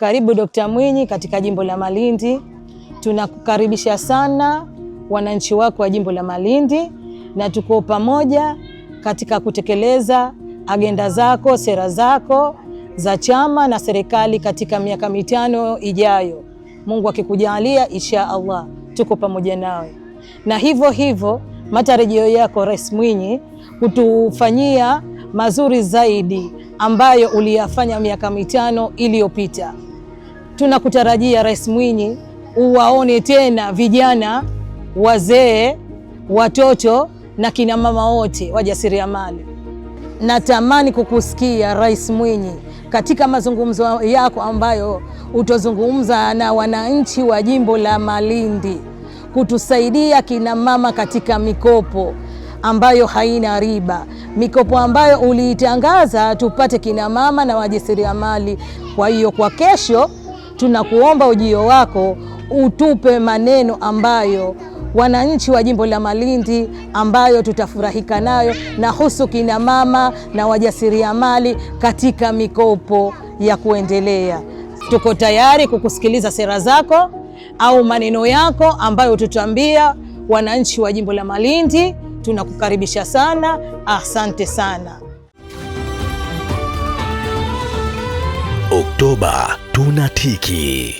Karibu Dokta Mwinyi katika jimbo la Malindi. Tunakukaribisha sana wananchi wako wa jimbo la Malindi, na tuko pamoja katika kutekeleza agenda zako, sera zako za chama na serikali katika miaka mitano ijayo. Mungu akikujalia, insha Allah tuko pamoja nawe, na hivyo hivyo matarajio yako Rais Mwinyi kutufanyia mazuri zaidi ambayo uliyafanya miaka mitano iliyopita tunakutarajia Rais Mwinyi, uwaone tena vijana, wazee, watoto na kina mama wote wajasiriamali. Natamani kukusikia Rais Mwinyi katika mazungumzo yako ambayo utozungumza na wananchi wa jimbo la Malindi kutusaidia kina mama katika mikopo ambayo haina riba, mikopo ambayo uliitangaza tupate kina mama na wajasiriamali. Kwa hiyo kwa kesho tunakuomba ujio wako utupe maneno ambayo wananchi wa jimbo la Malindi ambayo tutafurahika nayo na husu kina mama na wajasiriamali katika mikopo ya kuendelea. Tuko tayari kukusikiliza sera zako au maneno yako ambayo tutambia wananchi wa jimbo la Malindi. Tunakukaribisha sana, asante sana. Oktoba tunatiki.